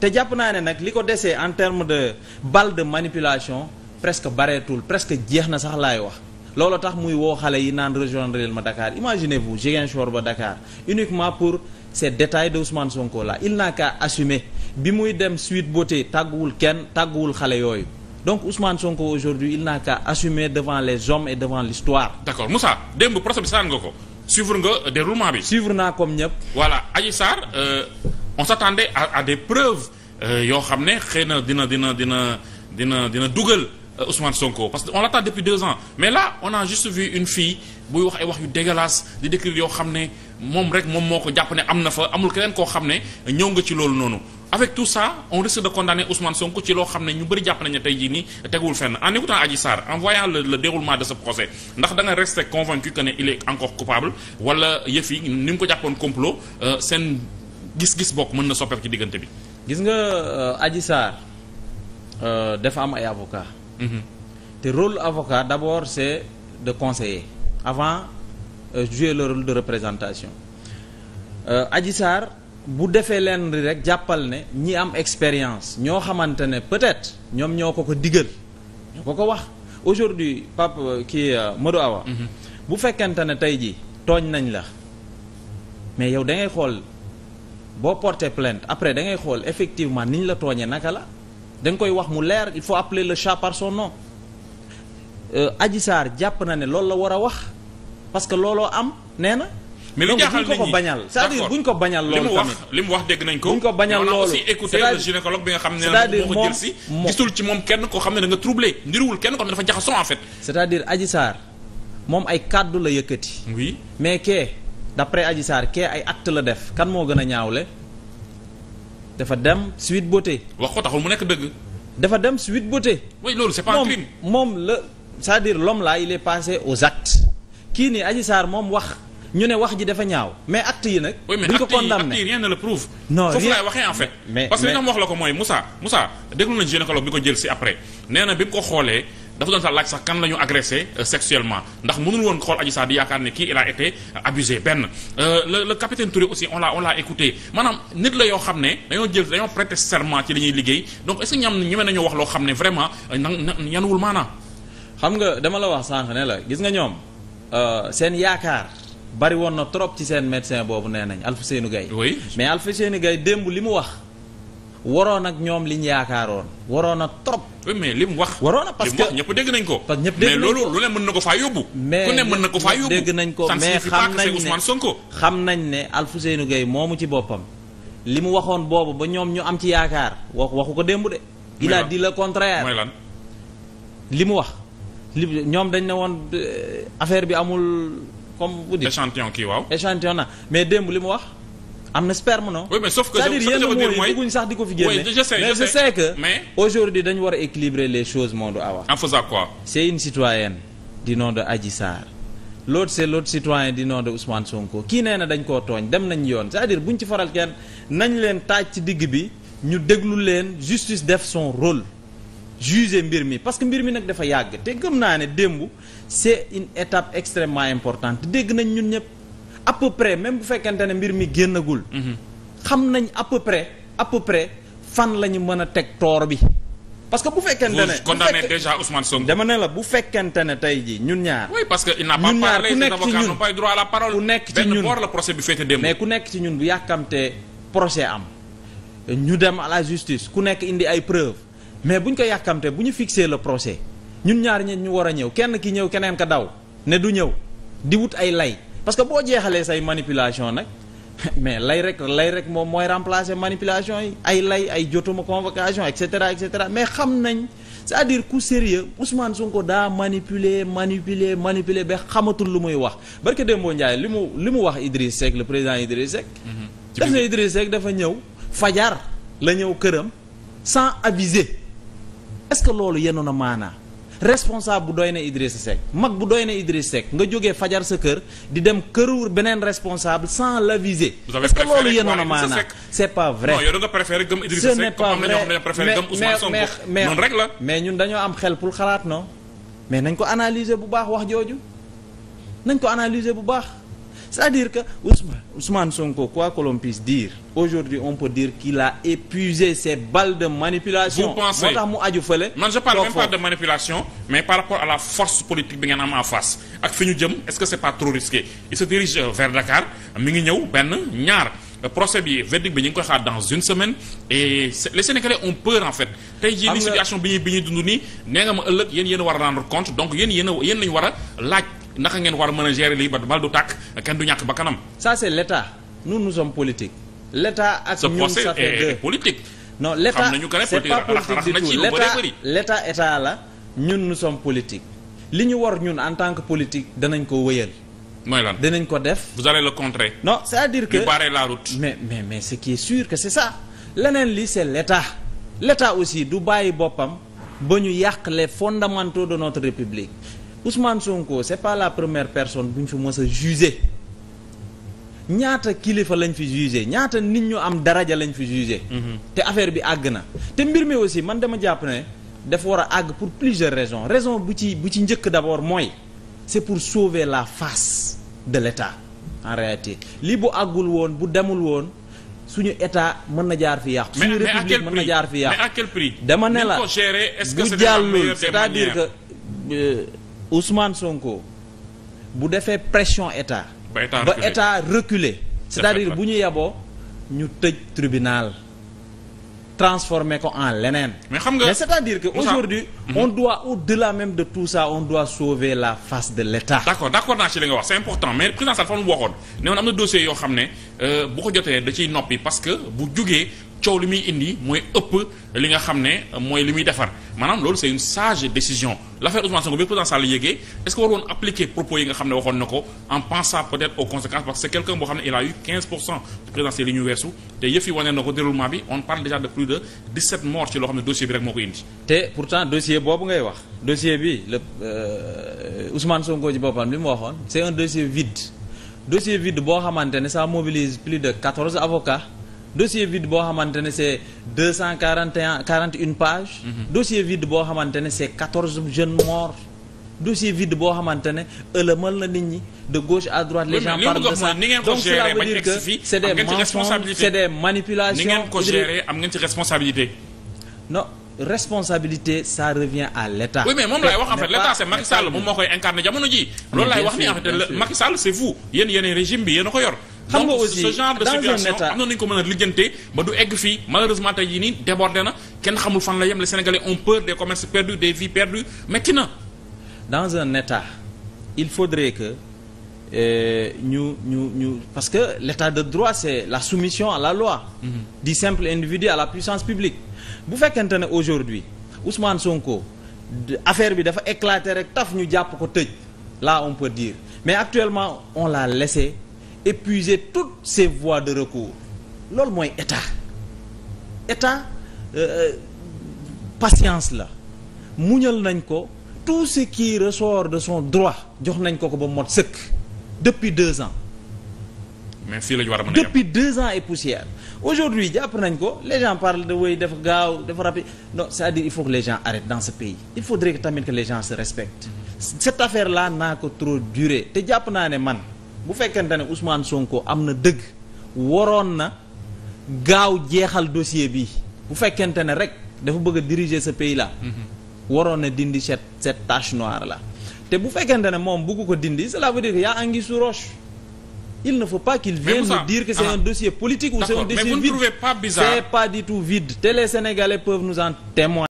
te jàpp naa ne nag li ko desee en terme de balle de manipulation presque bareetul presque jeex na sax laay wax loolu tax muy woo xale yi naan rejoindre leen ma Dakar imaginez-vous Ziguinchor ba Dakar uniquement pour ces détails de Ousmane Sonko là il n'a qu'à assumer bi muy dem Sweet Beauté tàgguwul kenn tàgguwul xale yooyu donc Ousmane Sonko aujourd'hui il n'a qu'à assumer devant les hommes et devant l'histoire d'accord Moussa démb procès bi saan nga ko suivre nga déroulement bi suivre naa comme ñëpp voilà Adji Sarr euh, on s'attendait à, à des preuves euh, yoo xam ne xëy na dina dina dina dina dina dugal euh, Ousmane Sonko parce que on l'attend depuis deux ans mais là on a juste vu une fille buy wax ay wax yu dégueulasse di décrire yoo xam ne moom rek moom moo ko jàpp ne am na fa amul keneen koo xam ne ñëw nga ci loolu noonu avec tout ça on risque de condamner Ousmane Sonko ci loo xam ne ñu bëri jàpp nañu ne tey jii nii teguwul fenn en écoutant Adji Sarr en voyant le, le déroulement de ce procès ndax da nga resté convaincu que ne il ni mu ko jàppoon complot euh, seen gis-gis bokk mën na soppeeku ci diggante bi. gis nga euh, Adji Sarr euh, dafa am ay avocat mhm. te rôle avocat d'abord c'est de conseiller avant euh, jouer le rôle de représentation euh, Adji Sarr bu defee leen rek jàppal ne ñi am expérience ñoo xamante ne peut-être ñoom ñoo ko ko digal ñoo ko ko wax aujourd'hui Pape kii Modou Awa mhm. bu fekkente ne tey ji tooñ nañ la mais yow da xool boo porté plainte après da ngay xool effectivement ni ñu la tooñee naka la da koy wax mu leer il faut appeler la chat par son nom euh, Adji Sarr jàpp na ne loolu la war a wax parce que looloo am nee na. mais li jaaxal nit ñi donc buñ ko ko bañal. cest buñ ko bañal loolu ne li mu wax dégg nañ ko. buñ ko bañal loolu aussi écouter le bi nga xam ne. c'est-à-dire moom moo ko jël si gisul ci moom kenn koo xam ne da nga troublé kenn koo xam ne dafa jaxasoo en fait. c'est-à-dire Adji moom ay kàddu la yëkkati. oui mais kee. d'après Adji Sarr kee ay acte la def kan moo gën a ñaawle dafa dem suite beauté. wax ko taxul mu nekk dëgg. dafa dem suite beauté. oui loolu c'est pas moom moom la sa à dire l'homme là il est passé aux actes kii nii Adji Sarr moom wax. ñu ne wax ji dafa ñaaw mais acte yi nag. duñ ko condamné oui ne foofu laay waxee en fait. mais parce li nga wax la ko mooy musa Moussa Moussa déglu nañu gynécologue bi ko jël si après nee na bi mu ko xoolee. dafa doon sa laaj sax kan la ñu agressé euh, sexuellement ndax mënul woon xool Adji Sarr di yaakaar ne kii il a été euh, abusé benn euh, le le capitaine Touré aussi on l'a on l'a écouté maanaam nit la yoo xam ne dañoo jël dañoo prêter serment ci li ñuy liggéey donc est-ce que ñam ñeme nañoo wax loo xam ne ñan wul maana xam nga dama la wax sànq ne la gis nga ñoom seen yaakaar bari woon na trop ci seen médecin boobu nee nañ Alfousseynou Gaye. oui mais Alfousseynou Gaye démb li mu wax. waroon ak ñoom li ñu yaakaaroon waroon a trop. mais li mu wax. waroon a parce que li mu dégg nañ ko. parce que ñëpp dégg nañ ko mais loolu lu ne mën na ko faa yóbbu. mais ku ne mën na ko faa yóbbu. dégg nañ ko mais xam nañ ne Ousmane Sonko. xam nañ ne Alfousseynou moomu ci boppam li mu waxoon boobu ba ñoom ñu am ci yaakaar wax waxu ko démb de. il a dit le contraire mooy li mu wax li ñoom dañ ne woon euh, affaire bi amul comme. bu di kii waaw. échantillon na mais démb li mu wax. am na sperme non. oui mais sauf que cest sax di ko fi génne. mais je sais que. dañu war a les choses Maodo Awa. en faisant c'est une citoyenne du nom de Adji Sarr l'autre c'est l'autre citoyen du nom de Ousmane Sonko kii nee dañ koo tooñ dem nañ yoon c'est-à-dire buñ ci faral kenn nañ leen taaj ci digg bi ñu déglu leen justice def son rôle. juger mbir mi parce que mbir mi nag dafa yàgg te gëm naa ne démb c'est une étape extrêmement importante dégg nañ ñun ñëpp. à peu près même bu fekkente ne mbir mi génnagul. Mhm. xam nañ à peu près à fan la ñu mën a teg toor bi. parce que bu fekkente ne vous a déjà Ousmane Sonko. dama la bu fekkente ne tey jii ñun ñaar. parce que il n'a pas parlé la parole. ku nekk ci ñun benn boor la procès bi féete démb. mais ku nekk ci ñun bu yàkkamtee procès am ñu dem à la justice ku nekk indi ay preuves mais buñ ko yàkkamtee bu ñu fixé le procès ñun ñaar ñett ñu war a ñëw kenn ki ñëw keneen ka daw ne du ñëw di wut ay lay. parce que boo jeexalee say manipulation nag mais lay rek lay rek moom mooy remplacer manipulation yi ay lay ay jotuma convocation et cetera mais xam nañ c'est-à-dire ku sérieux Ousmane Sonko daa manipuler manipule manipuler ba xamatul lu muy wax barke Dembo Ndiaye li mu li mu wax Idriss Seck le président Idriss Seck. Mhm. def na Idriss Seck dafa ñëw fajar la ñëw këram sans aviser est-ce que loolu yenoon na maanaa responsable bu doy na Idrissa Seck mag bu doy na Idrissa Seck nga jógee fajar sa kër di dem këru beneen responsable sans l'aviser. est-ce que loolu yéen a maanaam c'est pas vrai. non yow da nga préféré gëm Idrissa Seck comme am na ñoo xam ne préféré gëm Ousmane Sonko noonu rek la mais ñun dañoo am xel pour xalaat non mais nañ ko analyser bu baax wax jooju nañ ko analyser bu baax. c'est-à-dire que Ousmane, Ousmane Sonko quoi que l'on puisse dire aujourd'hui on peut dire qu'il a épuisé ses balles de manipulation. moo tax mu aju fële. mais par rapport à la force politique bi ngeen am en face ak fi ñu jëm est-ce que c'est pas trop risqué il se dirige euh, ñaar. procès bi verdict bi ñu ngi koy xaar dans une semaine et les Sénégalais ont peur en fait tey jii ni situation bi ñuy bi ñuy dund nii nee ma ëllëg yéen yéen a war a rendre compte donc yéen yéen a yéen lañu war a laaj ndaxa ngeen war a mën a gérer lii ba bal du tàkk kenn du ñàkk ba kanam. ça c'est l'état nous nous sommes politique. l'état ak ñun ça fait deux politique. non l'état c'est pas politique du tout l'état l'état état la ñun nous sommes politique. li ñu war ñun en tant que politique danañ ko wëyal. mooy lan danañ ko def. vous allez la contrer. non c'est-à-dire que barrer la route. mais mais mais ce qui est sûr que c'est ça leneen li c'est l'état leta aussi du bàyyi boppam ba ñu yàq les fondamentaux de notre république. Ousmane Sonko c'est pas la première personne bu ñu fi mës a ñaata kilifa lañ fi jugé ñaata nit ñu am daraja lañ fi jugé. Mhm. te affaire bi àgg na te mbir mi aussi man dama jàpp ne dafa war a àgg pour plusieurs raisons raison bu ci bu ci njëkk d'abord mooy c'est pour sauver la face de l'État en réalité lii bu àggul woon bu demul woon. suñu état mën na jaar fi yàqu. suñu république mën na jaar fi yàqu dama ne la bu jàllul c'est-à-dire que. Euh, Ousmane Sonko bu defee pression état. ba état reculé ba état reculé. c'est-à-dire bu ñu yeboo ñu tëj tribunal transformer ko en leneen. mais xam nga mais c'est-à-dire que aujourd'hui mhm. on doit au-delà même de tout ça on doit sauver la face de l'état. d'accord d'accord naa ci li nga wax c'est important mais président Sall fa mu waxoon ne woon am na dossier yoo xam ne euh, bu ko jotee da ciy noppi parce que bu jugee. coow li muy indi mooy ëpp li nga xam ne mooy li muy defar maanaam loolu c'est une sage décision l'affaire Ousmane Sonko bi président Sall yéegee est-ce que waroon appliquer propos yi nga xam ne waxoon na ko en pensant peut-être aux conséquences parce que c'est quelqu'un boo xam ne il a eu 15 pour cent de présidentielles yi ñu te yëf yi wane na ko déroulement bi on parle déjà de plus de 17 morts ci loo xam ne dossier bi rek moo ko indi. te pourtant euh, boo xamante ne ça mobilise plus de dossier vide boo xamante ne c'est deux cent quarante et un quarante une page mhm. dossier vide boo xamante ne c'est quatorze jeunes morts dossier vide boo xamante ne ëlëmal na nit ñi de gauche à droite les gens parlent de ça donc cela veut dire que c'est des mensonges c'est des manipulations ni responsabilité non revient à l'État. oui mais moom laay wax en fait l'État c'est Macky moom moo koy incarné jamono ji loolu laay wax ni en fait Macky Sall c'est vous yen yéen régime bi yéen a ko yor xam nga aussi ce genre de situation am nañu ko mën a liggante ba du egg fii malheureusement tey jii nii débordé na kenn xamul fan la yem les Sénégalais ont peur des commerces perdus des vies perdues métti na. dans un état il faudrait que euh, ñu ñu ñu parce que l'état de droit c'est la soumission à la loi. di -hmm. du simple individu à la puissance publique. bu fekkente ne aujourd'hui Ousmane Sonko affaire bi dafa éclater rek taf ñu jàpp ko tëj la on peut dire mais actuellement on l'a laissé. épuiser toutes ces voies de recours loolu mooy état état euh, euh, patience la muñal nañ ko tout ce qui ressort de son droit jox nañ ko ko ba mot sëkk depuis deux ans. mais fii la war a mën a depuis deux ans et poussière. aujourd'hui jàpp nañ ko les gens parlent de wéy dafa gaaw dafa rapide non c'est-à-dire il faut que les gens arrêtent dans ce pays. il faudrait que tamit que les gens se respectent. cette affaire là n'a que trop duré te jàpp naa ne man. bu fekkente ne Ousmane Sonko am na dëgg waroon na gaaw jeexal dossier bi bu fekkente ne rek dafa bëgg a diriger sa pays la waroon na dindi cette cette tache noire la te bu fekkente ne moom bëgg ko dindi cela veut dire que a anguille sous roche. il ne faut pas qu'il vienne nous dire que c'est ah, un dossier politique ou c'est un pas bizarre. C'est pas du tout nous en témoigner.